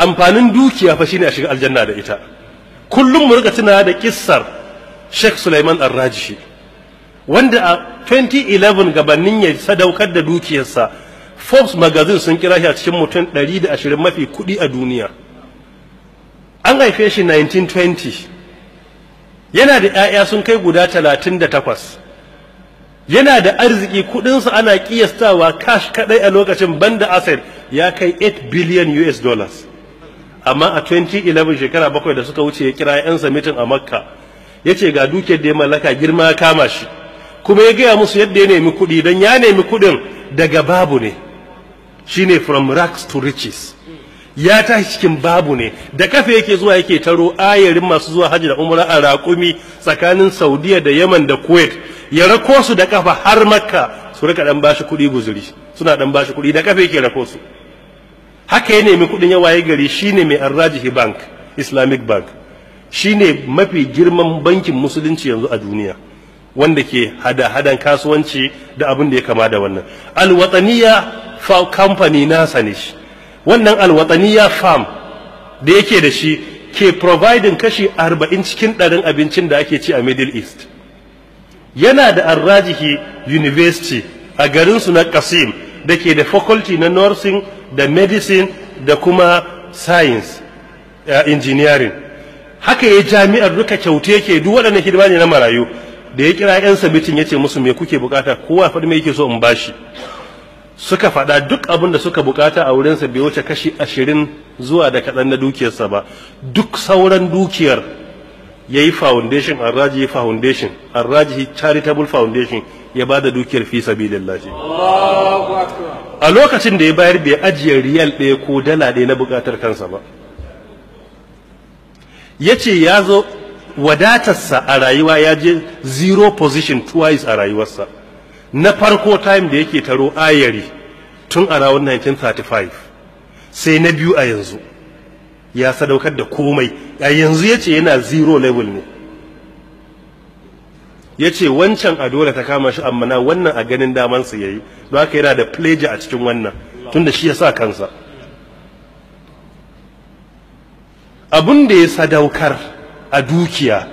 amfanin dukiya fa shine a shiga aljanna da ita kullum mu rika tuna da kissar Sheikh Sulaiman Ar-Rajishi wanda a 2011 gabanin ya sadaukar da dukiyarsa Forbes magazine sun kira shi a cikin mutum 120 mafi kudi a duniya an haife shi 1920 yana da 'ya'ya sun kai guda 38 yana da arziki sa ana kiyastawa cash kadai a lokacin banda asset ya kai 8 billion US dollars amma a 2011 shekara bakwai da suka wuce ya kira yansa mitin a makka ya ce ga dukiyar da ya mallaka girma ya kama shi kuma ya gaya musu yadda ya nemi kuɗi don ya nemi kuɗin daga babu ne shine from rags to riches ya tashi cikin babu ne da kafa yake zuwa yake taro ayarin masu zuwa hajji da umra a raƙumi tsakanin saudiya da yaman da kuwait ya rako su da kafa har makka su rika dan bashi kuɗi guzuri suna dan bashi kuɗi da kafa yake rako su haka ya nemi kuɗin ya waye gari shine mai arrajihi bank islamic bank shine mafi girman bankin musulunci yanzu a duniya wanda ke hada-hadan kasuwanci da abin da ya kama da wannan alwataniya kamfani na ne wannan alwataniya farm da yake da shi ke providing kashi arba'in cikin ɗarin abincin da ake ci a middle east yana da arrajihi university a garinsu na kasim da ke da faculty na nursing da medicine da kuma science engineering haka ya jami'ar duka kyauta yake duk waɗannan hidima ne na marayu da ya kira 'yan sabitin ya ce musu me kuke bukata kowa faɗi me yake so in bashi suka faɗa duk abin da suka bukata a wurinsa bai wuce kashi ashirin zuwa da kaɗan na dukiyarsa ba duk sauran dukiyar ya yi foundation arraji foundation arraji charitable foundation ya ba da dukiyar fi Akbar. a lokacin da ya bayar bai ajiye riyal ɗaya ko dala ɗaya na buƙatar kansa ba ya ce ya zo wadatarsa a rayuwa ya je zero position twice a rayuwarsa na farko time da yake taro ayari tun a rawun 1935 sai na biyu a yanzu ya sadaukar da komai a yanzu ya ce yana zero level ne ya ce wancan a dole ta kama shi amma na wannan a ganin damansa ya yi don haka yana da pleja a cikin wannan tun da shi ya sa kansa abun da ya sadaukar a dukiya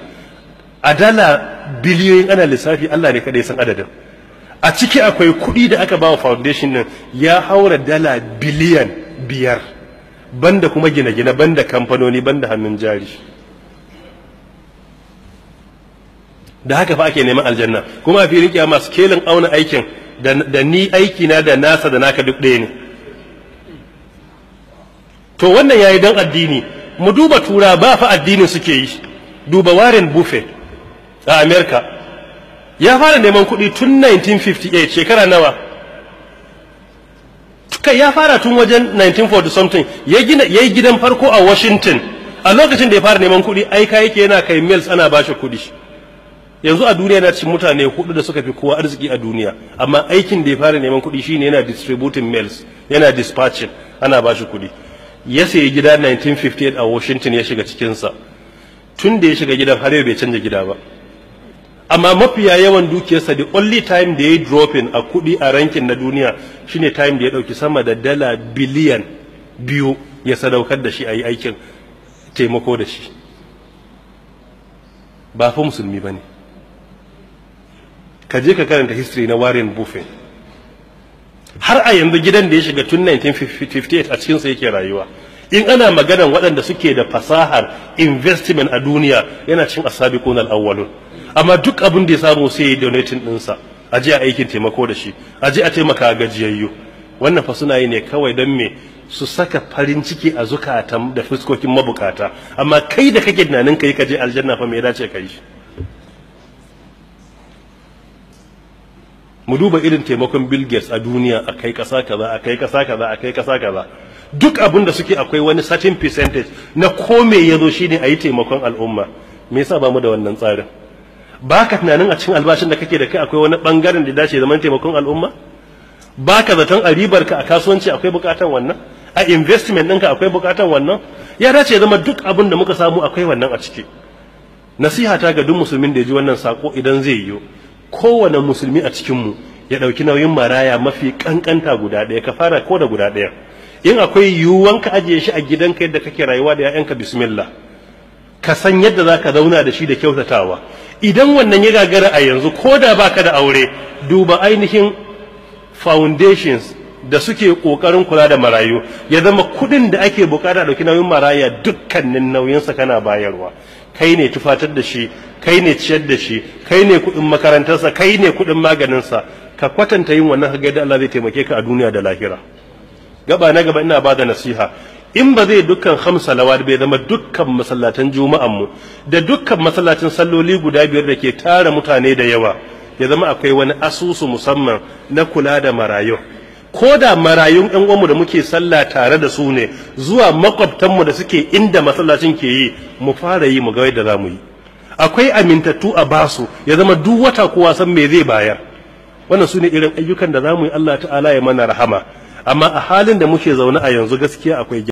a dala biliyoyin ana lissafi Allah ne ya san adadin a ciki akwai kuɗi da aka ba wa foundation nan ya haura dala biliyan biyar banda kuma gine-gine banda kamfanoni banda hannun jari da haka fa ake neman aljanna kuma a filin masu kelin auna aikin da ni aiki na da nasa da naka duk ɗaya ne to wannan yayi dan addini mu duba tura ba fa addinin suke yi duba Warren Buffett a America ya fara neman kuɗi tun 1958 shekara nawa kai ya fara tun wajen 1940 something ya gina yayi gidan farko a Washington a lokacin da ya fara neman kuɗi aika yake yana kai mails ana bashi kuɗi yanzu a duniya na cin mutane hudu da suka fi kowa arziki a duniya amma aikin da ya fara neman kuɗi shine yana distributing mails yana dispatching ana bashi kuɗi ya sayi gida 1958 a Washington ya shiga cikinsa tun da ya shiga gidan har yau bai canja gida ba amma mafiya yawan dukiyarsa the only time da ya yi dropping a kuɗi a rankin na duniya shine time da ya ɗauki sama da dala biliyan biyu ya sadaukar da shi a yi aikin taimako da shi ba fa musulmi ba ne ka je ka karanta history na Warren Buffett har a yanzu gidan da ya shiga tun 1958 a cikin cikinsa yake rayuwa in ana maganan waɗanda suke da fasahar investment a duniya yana cin asabi ko awwalun. amma duk abin da ya samu sai ya donating ɗinsa a je a aikin taimako da shi a je a taimaka gajiyayyu wannan fa suna yi ne kawai don me su saka farin ciki a zukatan da fuskokin mabukata amma kai da kake tunanin kai ka je aljanna fa me ya dace ka yi mu duba irin taimakon Bill Gates a duniya a kai kasa kaza a kai kasa kaza a kai kasa kaza duk abin da suke akwai wani certain percentage na ko me yazo shine yi taimakon al'umma me yasa ba mu da wannan tsarin ba ka tunanin a cikin albashin da kake da kai akwai wani bangaren da dace zaman taimakon al'umma ba ka zaton a ribar ka a kasuwanci akwai bukatan wannan a investment ɗinka akwai bukatan wannan ya dace zama duk abin da muka samu akwai wannan a ciki nasiha ta ga duk musulmin da ya ji wannan sako idan zai yiwu kowane musulmi a cikinmu ya ɗauki nauyin maraya mafi ƙanƙanta guda ɗaya ka fara ko da guda ɗaya in akwai yiwuwan ka ajiye shi a gidanka yadda kake rayuwa da 'ya'yanka bismillah ka san yadda za ka zauna da shi da kyautatawa idan wannan ya gagara a yanzu ko da ba ka da aure duba ainihin foundations da suke ƙoƙarin kula da marayu ya zama kuɗin da ake bukata ɗauki nauyin maraya dukkanin nauyinsa kana bayarwa kai ne tufatar da shi kai ne ciyar da shi kai ne kuɗin makarantarsa kai ne kuɗin maganinsa ka kwatanta yin wannan hagai da Allah zai taimake ka a duniya da lahira gaba na gaba ina bada nasiha in ba zai dukkan hamsa lawar bai zama dukkan masallatan juma'an mu da dukkan masallacin salloli guda biyar da ke tara mutane da yawa ya zama akwai wani asusu musamman na kula da marayu ko da marayun ƴan uwanmu da muke sallah tare da su ne zuwa makwabtanmu da suke inda masallacin ke yi mu fara yi mu ga yadda za mu yi akwai amintattu a basu ya zama duk wata kowa san me zai bayar wannan su ne irin ayyukan da za mu yi Allah ta'ala ya mana rahama amma a halin da muke zaune a yanzu gaskiya akwai